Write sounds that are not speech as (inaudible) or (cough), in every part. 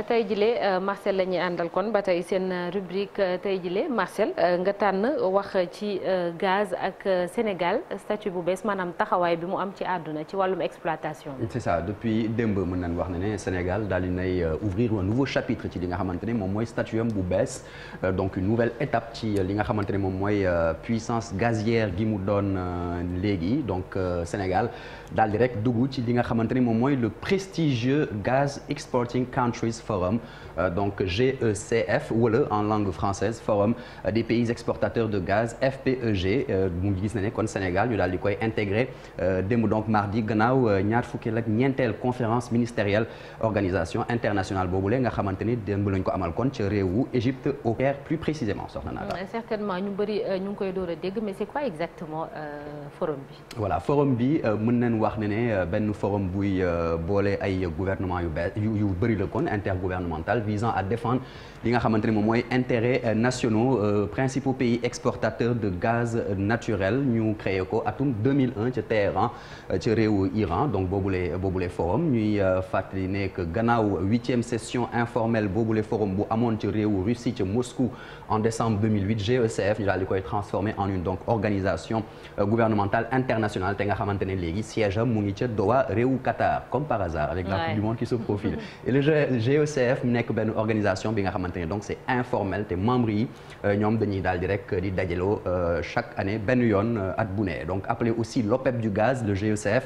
tey jile euh, Marcel la ñuy àndal kon ba tey seen euh, rubrique euh, tey jile Marcel nga tànn wax ci gaz ak Sénégal statut bu bees maanaam taxawaay bi mu am ci àdduna ci wàllum exploitation bi. depuis démb mën nañu wax ne Sénégal daal di nay ouvrir un nouveau ci li nga xamante ne moom mooy statut am bu bees donc une nouvelle étape ci li nga xamante ne moom mooy puissance gazière gi mu doon léegi donc Sénégal daal di rek dugg ci li nga xamante ne moom mooy le prestigieux Gas Exporting Countries Forum, euh, donc GECF wala en langue française Forum euh, des pays exportateurs de gaz FPEG euh, mu gis na ne kon Sénégal ñu daal di koy intégré démb donc mardi gannaaw ñaar fukkeel ak ñeenteel conférence ministérielle organisation internationale boobule nga xamante ni démb lañ ko amal kon ca réewu Égypte au Caire plus précisément soxna Naata. certainement ñu bëri ñu koy door a dégg mais c'est quoi exactement forum bi. voilà forum bi mën nañ wax ne ne benn forum buy boole ay gouvernement yu bees yu kon intergouvernementale visant à défendre li nga xamante ne moom mooy intérêts euh, nationaux euh, principaux pays exportateurs de gaz euh, naturel ñu créé ko atum 2001 ca Téhéran ca réewu Iran donc boobule boobule forum ñuy fàttali ne que gannaaw huitième session informelle boobule forum bu amoon ca réewu Russie ca Moscou en décembre 2008 GECF ñu daal di koy transformé en une donc organisation gouvernementale internationale te nga xamante ne léegi siège mu ngi ca Doha réewu Qatar comme par hasard avec la du monde qui (laughs) E COCF mu nekk benn organisation bi nga xamante ne donc c'est informel te membre yi euh, ñoom dañuy daal di rek euh, di dajaloo euh, chaque année benn yoon at bu ne donc appelé aussi l'OPEP e du gaz le GECF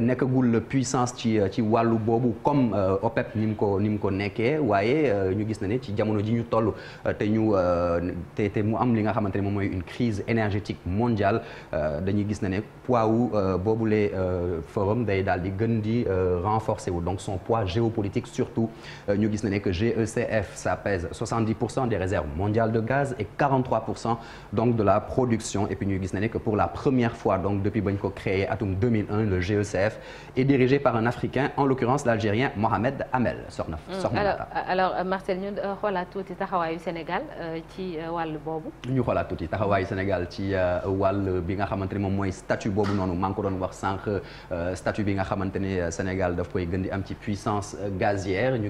nekkagul puissance ci ci wàllu boobu comme OPEP e ni mu ko ni ko nekkee waaye ñu gis na ne ci jamono ji ñu toll te ñu te te mu am li nga xamante ne moom mooy une crise énergétique mondiale dañuy gis na ne poids wu boobule forum day daal di gën di renforcer wu donc son poids Euh, ñu gis na que GECF ça pèse des réserves mondiales de gaz et de la production et puis ñu gis na ne que pour la première fois donc depuis ba ñu ko créé atum 2001 le GECF est dirigé par un Africain en l'occurrence l'Algérien Mohamed Hamel soxna soxna alors euh, alors euh, Marcel ñu xoolaat tuuti taxawaayu Sénégal ci wàll boobu. ñu xoolaat Sénégal ci wàll bi nga xamante ne moom mooy statut boobu noonu maa ngi ko doon wax sànq statut bi nga xamante ne Sénégal daf koy gën di am ci puissance gazière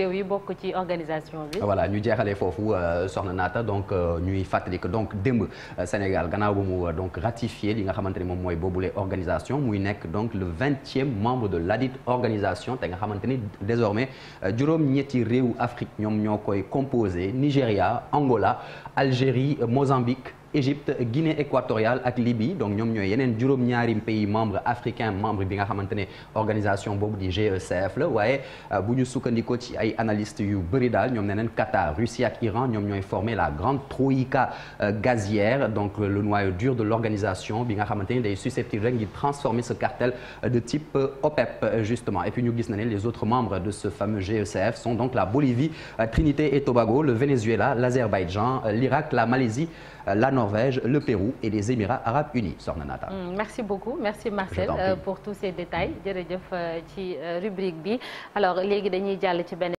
réew yi bokk ci organisation bi. voilà ñu jeexalee foofu euh, soxna naata donc euh, ñuy fàttali donc démb euh, Sénégal gannaaw ba mu donc ratifié li nga xamante ne moom mooy boobule organisation muy nekk donc le vingtième membre de ladite organisation te nga xamante ni désormais juróom-ñetti réewu Afrique ñoom ñoo koy composé Nigéria Angola Algérie Mozambique. Égypte Guinée équatoriale ak Libye donc ñoom ñooy yeneen juróom-ñaari pays membre africain membre bi nga xamante ne organisation boobu di GECF la waaye euh, bu ñu sukkandikoo ci ay analystes yu bëri daal ñoom neneen Qatar Russie ak Iran ñoom ñooy former la grande troïka euh, gazière donc euh, le noyau dur de l'organisation bi nga xamante ne day susceptible rek ngir transformer ce cartel de type OPEP justement et puis gis na les autres membres de ce fameux GECF sont donc la Bolivie Trinité et Tobago le Venezuela l'Azerbaïdjan l'Irak la la Norvège, le Pérou et les Émirats arabes unis soxna Naata. Mm, merci beaucoup merci Marcel euh, pour tous ces détails jërëjëf euh, ci euh, rubrique bi alors léegi dañuy jàll ci benn.